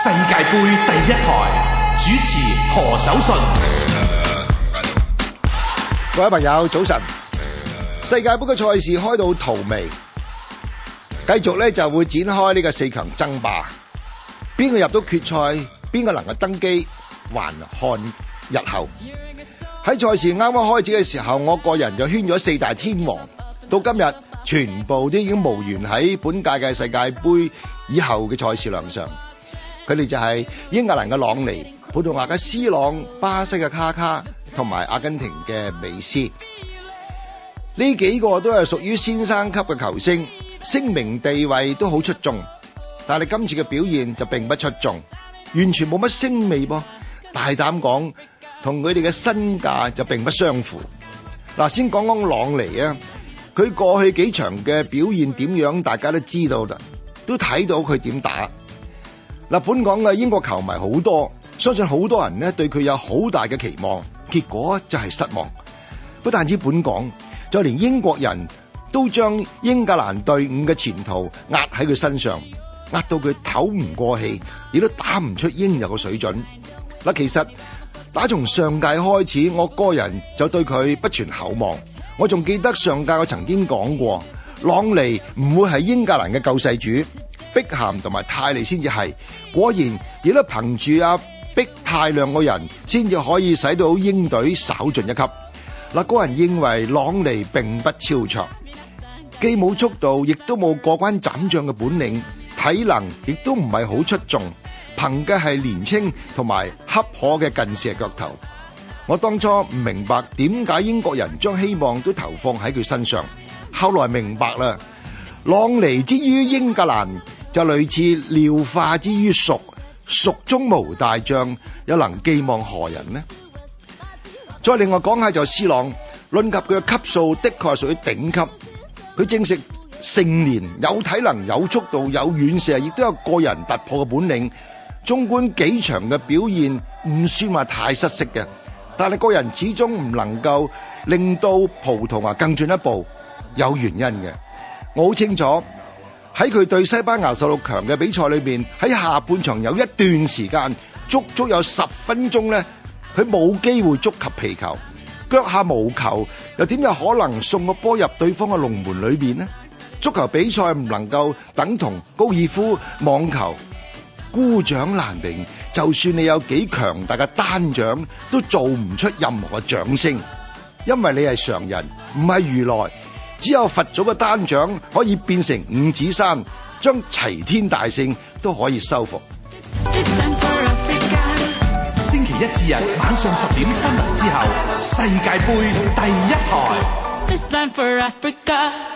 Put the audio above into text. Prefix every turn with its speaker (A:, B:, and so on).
A: 世界杯第一台主持何守信，各位朋友早晨。世界杯嘅賽事開到荼蘼，繼續咧就會展開呢個四強爭霸，邊個入到決賽，邊個能夠登基，還看日後。喺賽事啱啱開始嘅時候，我個人就圈咗四大天王，到今日全部都已經無緣喺本屆嘅世界杯以後嘅賽事亮相。佢哋就係英格蘭嘅朗尼、葡萄牙嘅斯朗、巴西嘅卡卡同埋阿根廷嘅美斯，呢幾個都係屬於先生級嘅球星，聲名地位都好出眾。但係你今次嘅表現就並不出眾，完全冇乜星味噃。大膽講，同佢哋嘅身價就並不相符。嗱，先講講朗尼啊，佢過去幾場嘅表現點樣，大家都知道啦，都睇到佢點打。嗱，本港嘅英國球迷好多，相信好多人呢對佢有好大嘅期望，結果就係失望。不但止本港，就連英國人都將英格蘭隊伍嘅前途壓喺佢身上，壓到佢唞唔過氣，亦都打唔出應有嘅水準。嗱，其實打從上屆開始，我個人就對佢不存厚望。我仲記得上屆我曾經講過。朗尼唔會係英格蘭嘅救世主，碧咸同埋泰利先至係。果然，亦都憑住阿碧泰兩個人，先至可以使到英隊稍進一級。嗱、那，個人認為朗尼並不超長，既冇速度，亦都冇過關斬將嘅本領，體能亦都唔係好出眾，憑嘅係年青同埋恰可嘅近射嘅腳頭。我當初唔明白點解英國人將希望都投放喺佢身上，後來明白啦。朗尼之於英格蘭就類似廖化之於蜀，蜀中無大將，又能寄望何人呢？再另外講下就是斯朗，論及佢嘅級數，的確係屬於頂級。佢正值盛年，有體能，有速度，有遠射，亦都有個人突破嘅本領。縱觀幾場嘅表現，唔算話太失色嘅。但係個人始終唔能夠令到葡萄牙更進一步，有原因嘅。我好清楚喺佢對西班牙十六強嘅比賽裏邊，喺下半場有一段時間足足有十分鐘呢，佢冇機會觸及皮球，腳下無球，又點有可能送個波入對方嘅龍門裏邊呢？足球比賽唔能夠等同高爾夫、網球。孤掌難鳴，就算你有幾強大嘅單掌，都做唔出任何嘅掌聲，因為你係常人，唔係如來，只有佛祖嘅單掌可以變成五指山，將齊天大聖都可以收服。This time for Africa. 星期一至日晚上十點新聞之後，世界杯第一台。This time for Africa.